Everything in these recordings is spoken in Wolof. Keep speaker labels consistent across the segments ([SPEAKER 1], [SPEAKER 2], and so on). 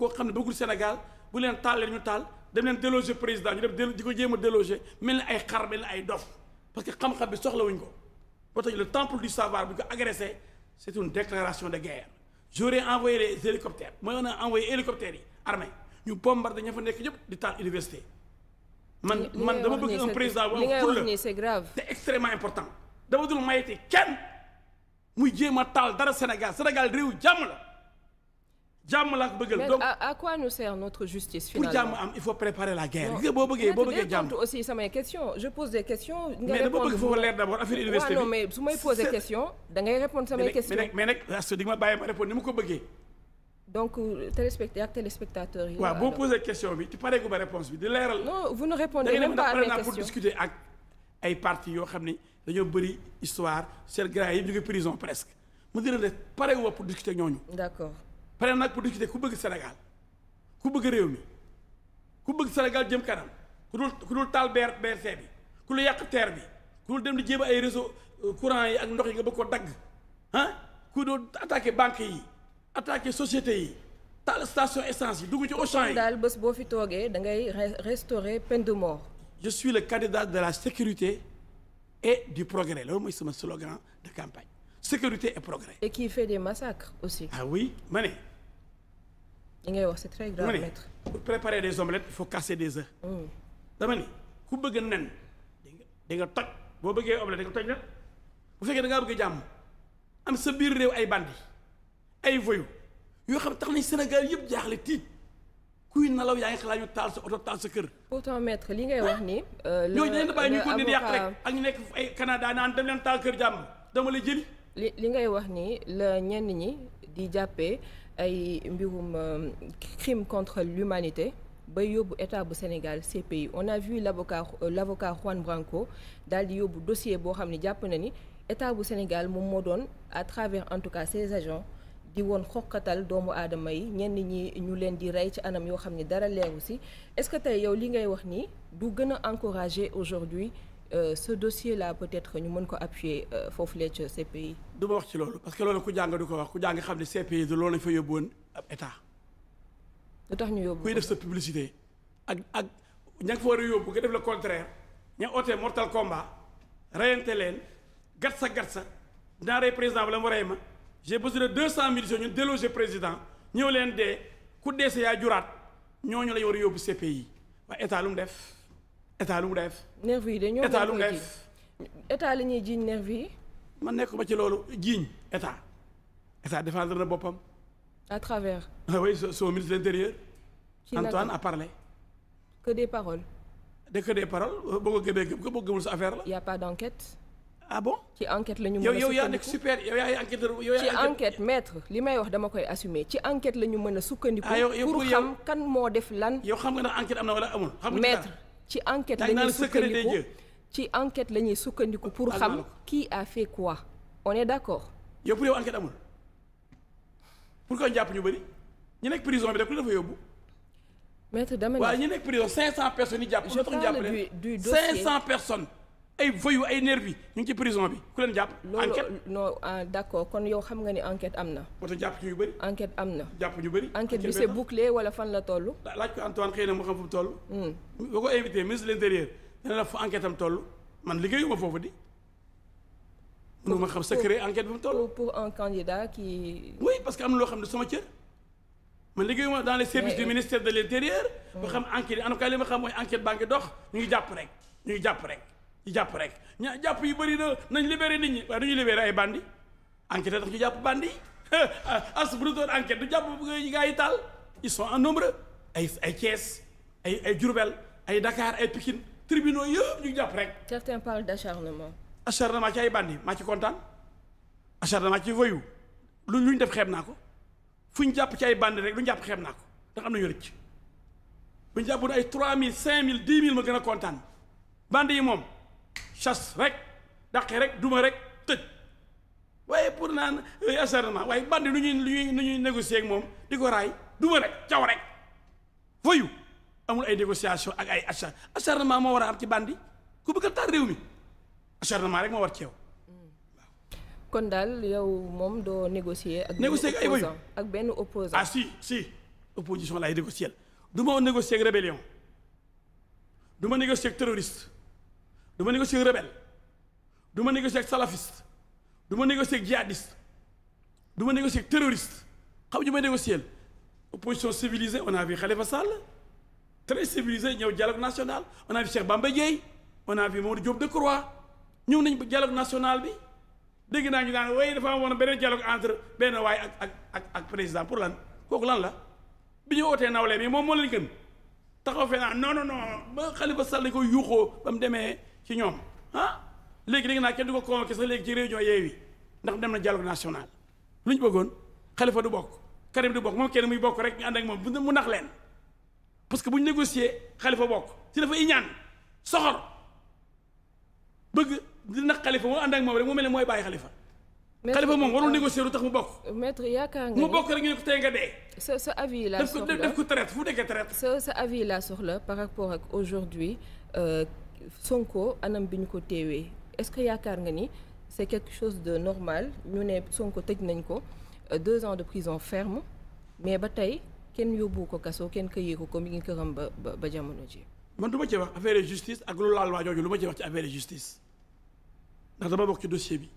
[SPEAKER 1] koo xam ne bëggul Sénégal bu leen taal leen ñu taal dem leen déloger président ñu def délo di ko jéema a déloger mel ni ay xar mel ni ay dof parce que xam-xam bi soxlawuñ ko ba tax le temple du savoir bu ñu ko agressé c' une déclaration de guerre j'aurais envoyé les hélicoptères mooy on a envoyé hélicoptères yi armée ñu bombardé ña fa nekk yëpp di taal université man man dama bëgg un président bu am fulla c'est grave c'est extrêmement important dama dul mayete kenn muy jéem a taal dara Sénégal Sénégal réew jàmm la jàmm la ak bëggal donc
[SPEAKER 2] à quoi pour jàmm am
[SPEAKER 1] il faut préparer
[SPEAKER 2] la guerre. gis nga boo bëggee boo bëggee jàmm aussi samay questions je pose des questions. nga mais dama bëgg foofu leer d'abord affaire université bi mais su may poser question da ma
[SPEAKER 1] bàyyi ni mu ko bëggee.
[SPEAKER 2] donc euh, téléspectateur yi. waaw boo posé
[SPEAKER 1] question bi tu paree ko ba réponse bi di leeral. non
[SPEAKER 2] vous ne répondez même pas pour discuter
[SPEAKER 1] ak ay parti yoo xam ni dañoo bëri histoire seen gars yi ñu ngi prison presque mu dina pare nag pour discuter ku bëgg Sénégal ku bëgg réew mi ku bëgg Sénégal jëm kanam ku dul ku dul taal bi ku lu yàq terre bi ku dul dem di jéem ay réseau euh, courant yi ak ndox yi nga bëgg ko dagg ah ku dul attaqué banques yi attaqué société yi taal station essence yi dugg ci Auchan yi. daal
[SPEAKER 2] bés boo fi toogee da ngay restaurer peine de mort.
[SPEAKER 1] je suis le candidat de la sécurité et du progrès loolu mooy sama slogan de campagne sécurité et progrès.
[SPEAKER 2] et qui fait aussi.
[SPEAKER 1] ah oui ma
[SPEAKER 2] li ngay wax c'est très grave maître
[SPEAKER 1] pour des omelettes il faut casser des œufs. Mm. dama ni ku bëgg nen di nga toj boo bëggee omelette di nga toj bu fekkee da ngaa bëgg jàmm am sa biir réew ay bandi ay voyou yoo xam tax nañ Sénégal yëpp jaaxle tiit kuy nalaw yaa ngi xalaat ñu taal sa oto taal sa kër.
[SPEAKER 2] pourtant maître li ngay wax ni.
[SPEAKER 1] ñooñu dañu la bàyyi ñu ko di yàq rek ak ñu nekk ay Canada naan dem leen taal kër jàmm dama la
[SPEAKER 2] jëli. li li ngay wax ni la ñenn ñi di jàppee. ay mbirum euh, crime contre l'humanité ba yóbbu état bu Sénégal CPI on a vu l'avocat euh, l'avocat Juan Branco daal di yóbbu dossier boo xam ne jàpp na ni état bu Sénégal moom moo doon à travers en tout cas ses agents di woon xoqatal doomu aadama yi ñenn ñi ñu leen di rey ci anam yoo xam ni dara leeru si est-ce que tey yow li ngay wax nii du gën a encourager aujourd'hui Euh, ce dossier là peut-être ñu mën ko appuyer euh, foofu lee ca CPI.
[SPEAKER 1] du ma wax ci loolu parce que loolu ku jàng du ko wax ku jàng xam ne CPI du loolu lañ état. lu tax ñu yóbbu kuy def sa publicité ak ak ña nga fa war a yóbbu nga def le contraire ña ootee mortal combat reyante leen gat sa gat sa dinaa rey président ba la mu rey ma j'ai besoin de deux cent mille ñun déloger président ñëw leen dee ku dee sa yaa juraat ñooñu la ñu war a yóbbu CPI waa état lu mu def. état lu mu def. nervi yi dañoo état lu mu def.
[SPEAKER 2] état la ñuy jiiñ nervi yi. ma nekk ba
[SPEAKER 1] ci loolu jiiñ état état défendre na boppam. à travers. ah oui son ministre de l'intérieur. Antoine a parlé. que des paroles. de que des
[SPEAKER 2] paroles boo ko gëmee gëm ko boo gëmul sa affaire la. y a pas d'enquête. ah bon ci enquête la ñu mën a yow yow yaa nekk li may wax dama koy assumer ci enquête la ñu mën a ah, sukkandiku. pour xam kan moo def lan. yow xam nga ne enquête am na wala amul. xam nga ci enquête la ñuy sukkandiku ci enquête la ñuy sukkandiku pour xam kii a fait quoi on est d'accord.
[SPEAKER 1] yow pour yow enquête amul pour que ñu ñu bëri ñu nekk prison bi rek lu dafa yóbbu.
[SPEAKER 2] maître dama waaye ñu
[SPEAKER 1] nekk prison 500 personnes yi jàpp. je parle du du dossier 500 personnes. ay voyou ay nervi ñu ngi ci prison bi ku leen jàpp. enquête
[SPEAKER 2] loolu non ah, kon yow xam nga ni enquête am na. moo tax jàpp ñu bëri. enquête am na. jàpp ñu bëri. enquête bi c'est bouclé wala fan la toll.
[SPEAKER 1] laaj ko Antoine xëy na mu xam fu mu toll. boo hmm. de l'intérieur dana la toll man liggéeyuma foofu di. ma xam secret
[SPEAKER 2] enquête bi mu toll. pour un candidat qui.
[SPEAKER 1] oui parce que am loo xam ne sama cër. man liggéeyuma dans les services du ministère de l'intérieur. ba hmm. xam enquête yi li ma xam mooy enquête baa dox ñu ngi jàpp rek ñu ngi jàpp rek. jàpp rek ña jàpp yu bëri na nañ libéré nit ñi waaye du ñu libéré ay bandi enquête tax ñu jàpp bandi as bu doon enquête du jàpp gars yi taal ils sont en nombre ay ay Thiès ay ay ay Dakar ay Pikine tribunaux yëpp ñu jàpp rek.
[SPEAKER 2] certains parlent d'acharnement.
[SPEAKER 1] acharnement ci ay bandi maa ci kontaan acharnement ci voyou lu def xeeb naa ko fu ñu jàpp ci ay bandi rek lu ñu jàpp xeeb naa ko ndax am na ñu rëcc bu ñu jàppoon ay 3000 5000 10000 ma gën a kontaan bandi yi moom. chasse rek daqe rek duma rek tëj waaye pour naan euh, acharnement waaye bandi lu ñuy lu ñuy négocier ak moom di ko raay duma rek caw rek foyu amul ay négociation ak ay acharn moo war a am ci bandi ku bëgg a taal réew mi acharnement rek moo war ci mm.
[SPEAKER 2] kon daal yow moom doo négocier ak négocier ay woyu ak benn opposant ah si
[SPEAKER 1] si opposition laay négocier du ma négocier ak rébellion du du ma négocier ak rebelle du ma négocier ak salafiste du ma négocier ak djihadiste du ma négocier ak terroriste xam ñu may négocier opposition civilisée on a vu Khalifa sàll très civilisé ñëw dialogue national on a vu Cheikh Bamba Dièye on a vu Mamadou Diop Decroix ñëw nañ dialogue national bi dégg naa ñu daan waaye dafa am woon beneen dialogue entre benn waay ak ak ak président pour lan kook lan la bi ñu ootee nawle mi moom moo leen gën taxaw fee naa non non non ba Khalifa Sall koy yuuxoo ba demee. ci ñoom ah léegi dégg naa kenn du ko convoqué sax léegi ci réunion Yewwi ndax dem na dialogue national lu ñu bëggoon Khalifa du bokk Karim du bokk moom kenn muy bokk rek ñu ànd ak moom mu nax leen parce que bu ñu négocier Khalifa bokk si dafa iñaan soxor bëgg di nax Khalifa moo ànd ak moom rek ne mooy bàyyi xalifa Khalifa moom warul euh, négocier lu
[SPEAKER 2] tax mu bokk. maître yaakaar nga bokk rek ñu ne ko tey dee. sa sa avis la soxla def ko def ko traite fu mu nekkee traite. sa sa avis la soxla par rapport ak aujourd'hui euh, Sonko anam bi ñu ko teewee est-ce que yaakaar nga ni c'est quelque chose de normal ñu ne Sonko tëj nañ ko euh, deux ans de prison ferme mais ba tey kenn yóbbu ko kaso kenn këyee ko ko mi ngi këram ba ba jamono ji
[SPEAKER 1] man du ma ci wax affaire justice ak lu laal waa jooju lu ma ci wax ci affaire justice ndax dama bokk ci dossier bi.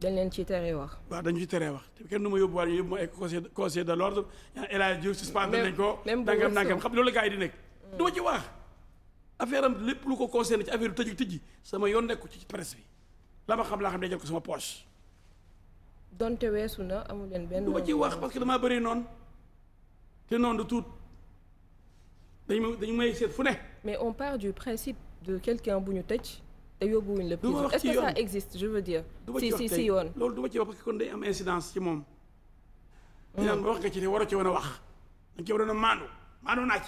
[SPEAKER 2] dañ leen ci teree wax.
[SPEAKER 1] waaw dañu ci teree wax te kenn du ma yóbbuwaale yóbbu ma ay conseil conseil de l'ordre El Hadj Diouf suspendé nañ ko. même bu nangam nangam xam loolu la gars yi di affaire am lépp lu ko concerné ci affaire bi tëj tëjji sama yoon nekku ci presse bi la ma xam laa xam day jël ko sama poche.
[SPEAKER 2] donte weesu na amu leen benn. lu ci wax parce damaa bëri
[SPEAKER 1] noon te noon du tuut dañu may dañu may seet fu ne.
[SPEAKER 2] mais on part du principe de quelqu'un bu ñu tëj. te yóbbuwuñ la prison est-ce que
[SPEAKER 1] existe je veux dire. si si si yoon loolu du ci wax parce kon day am incidence ci moom. Hmm. dinaan ba wax nga ci war a ci wan a wax dañ ci waroon a maandu maandu naa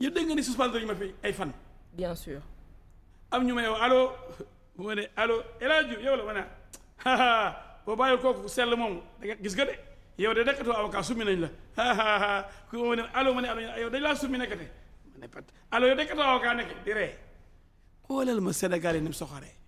[SPEAKER 1] yow dégg nga ni suspendre ñu ma fi ay fan. bien sûr. am ñu may wax allo bu ma ne allo El yow la ma ne boo bàyyiwul kooku sell moom da gis nga de yow de nekkatoo avocat summi nañ la ku ma ne allo ma ne allo yow dañ laa summi nekkate ma ne pat allo yow nekkatoo avocat nekk di ree xoolal ma Sénégal yi ni mu soxoree